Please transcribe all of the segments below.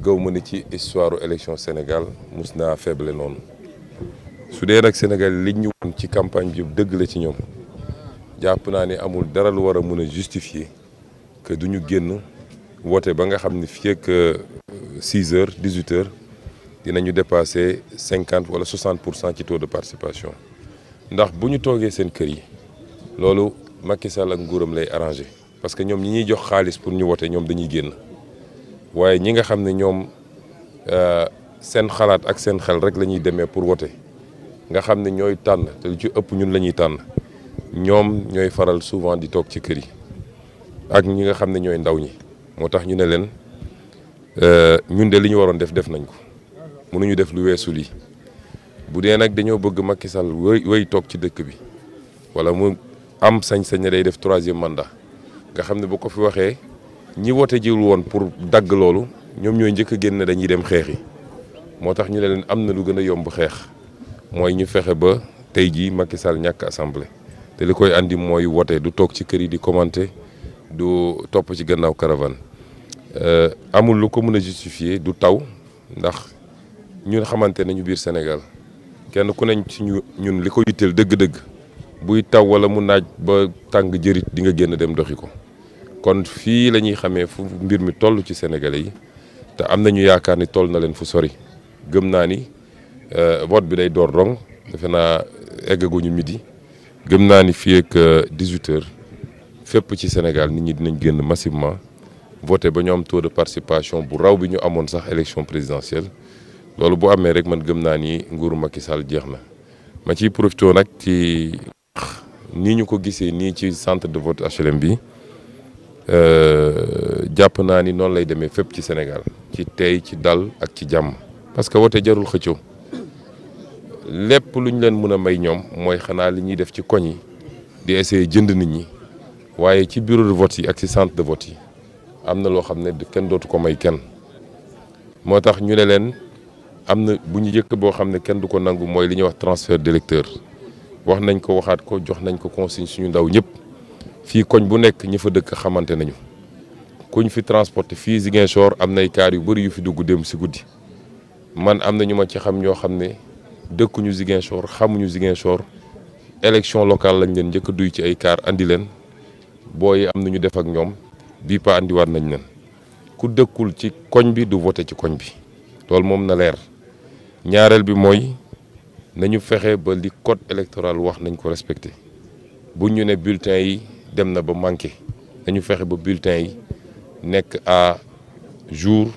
gaw ma ni ci histoire élection Sénégal musna faible non. su dee nag Sénégal liñ ñu woon ci campagne bi deug la ci ñom. Japp na ni amul dara lu wara mëna justifier que duñu ñu génn woote ba nga xamni ne fii ak 6 h 18 h dinañu dépasser 50 wala 60 ci taux de participation ndax buñu togué sen kër yi lolu Macky Sall ak nguuram lay arranger parce que ñom ñi ñi jox xaalis pour ñu voter ñom dañuy génn. waaye ñi nga xam ne ñoom euh, seen xalaat ak seen xel rek la ñuy demee pour voter nga xam ne ñooy tànn te lu ci ëpp ñun la ñuy tànn ñoom ñooy faral souvent di toog ci kër yi ak ñi nga xam ne ñooy ndaw ñi moo tax ñu ne leen euh, ñun de li ñu waroon def def nañ ko mënuñu def lu weesu lii bu dee nag dañoo bëgg Macky Sall wéy wéy toog ci dëkk bi wala mu am sañ-sañ ne day def troisième mandat nga xam ne bu ko fi waxee. ñi woote jiwul won pour dag lolu ñom ñoy ñëk a génn dañuy dem xeex yi motax ñu leen amna lu gëna yomb moy ñu fexé ba tay ji Macky Sall ñak assemblée te likoy andi moy woté du tok ci kër yi di commenter du top ci gannaaw caravane euh, amul lu ko mëna justifier du taw ndax ñun xamanté nañu biir Sénégal kenn ku ne ci ñun li ko dëgg-dëgg buy taw wala mu naaj ba tang jërit di nga génn dem doxiko kon fi lañuy xamé fu mbir mi tollu ci sénégalais yi té amna ñu yaakaar ni toll na leen fu sori gëm naa ni euh, vote bi day door dong defe na eggaguñu midi gëm naa ni fi ak 18 h fep ci Sénégal nit ñi dinañ gën massivement voté ba ñom taux de participation bu raw bi ñu amone sax élection présidentielle lolu bu amé rek man gëm naa ni nguuru Macky Sall jeex ma ci profito nak ci nii ñu ko gisee nii ci centre de vote HLM bi. Euh, jàpp naa ni noonu lay demee fépp ci Sénégal ci tey ci dal ak ci jàmm parce que wote jarul xëccoo lépp lu ñu leen mën a may ñoom mooy xanaa li ñuy def ci koñ di essayer jënd nit ñi waaye ci bureau de vote yi ak ci centre de vote yi am na loo xam ne kenn dootu ko may kenn moo tax ñu ne leen am na bu ñu jëkk boo xam ne kenn du ko nangu mooy li ñuy wax transfert directeur wax nañ ko waxaat ko jox nañ ko consigne suñu ndaw ñëpp fii koñ bu nekk ñi fa dëkk xamante nañu kuñ fi transporté fii Ziguinchor am nay kaar yu bëri yu fi dugg dem si guddi man am na ñu ma ci xam ñoo xam ne dëkkuñu Ziguinchor xamuñu Ziguinchor élection locale lañ leen njëkk a duy ci ay kaar andi leen booy am na ñu def ak ñoom bii pa andiwaat nañ leen ku dëkkul ci koñ bi du voté ci koñ bi loolu moom na leer ñaareel bi mooy nañu fexe ba li code électoral wax nañ ko respecté bu ñu ne bulletin yi. dem na ba manqué dañu fexé ba bulletin yi nekk à jour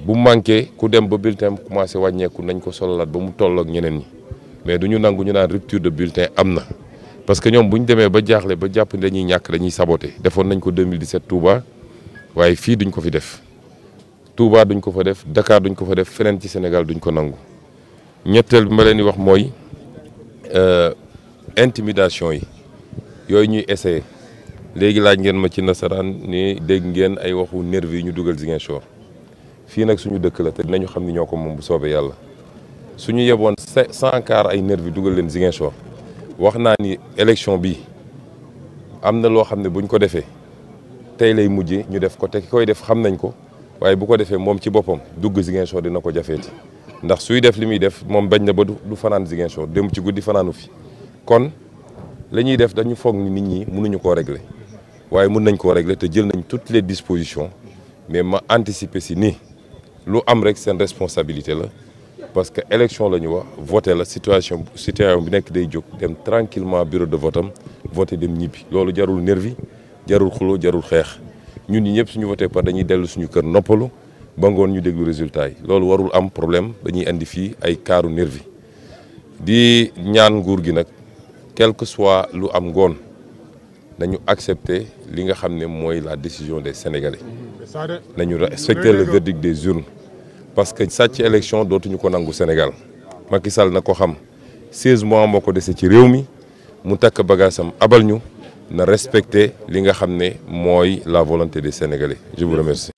bu manqué ku dem ba bulletin bu commencé wàññeeku nañ ko sololaat ba mu tollok ñeneen ñi mais duñu nangu ñu naan rupture de bulletin amna parce que ñom bu démé ba jaxlé ba japp dañuy ñak dañuy saboter defoon nañ ko 2017 Touba waye fi duñ ko fi def Touba duñ ko fa def Dakar duñ ko fa def fenen ci Sénégal duñ ko nangu ñetteel bi ma leen di wax euh intimidation yi yoy ñuy essayé légui laaj ngeen ma ci nasaran ni dégg ngeen ay waxu nervi yi ñu dugal Ziguinchor fi nak suñu dëkk la té dinañu xam ni ñoo ko moom bu soobé yalla suñu yeboon cent car ay nervi duggal leen Ziguinchor wax naa ni élection bi amna lo xamné buñ ko défé tay lay mujjee ñu def ko té koy def xam nañ ko waye bu ko défé mom ci boppam dugg Ziguinchor dina ko jafeeti ndax suy def li def mom bañ na ba du fanaan Ziguinchor dem ci guddi fananu fi kon la ñuy def dañu foog ni nit ñi mënuñu koo régler waaye mën nañ koo régler te jël nañ toutes les dispositions mais ma anticiper si ni. lu am rek responsabilité la parce que élection la ñu wax la situation citoyen bi nekk day jóg dem tranquillement bureau de vote am voté dem ñibbi loolu jarul nervi jarul xuloo jarul xeex ñun ñi ñëpp suñu voté par dañuy dellu suñu kër noppalu ba bangon ñu déglu résultat yi loolu warul am problème dañuy indi fii ay kaaru nervi di ñaan nguur gi quel que soit lu am nous accepter li nga xam la décision des sénégalais Nous respecter le verdict des urnes parce que cette élection dootuñu ko au Sénégal Macky Sall na ko xam 16 mois moi, ko dese ci réew mi mu abal ñu na respecter li nga xam la volonté des sénégalais je vous remercie.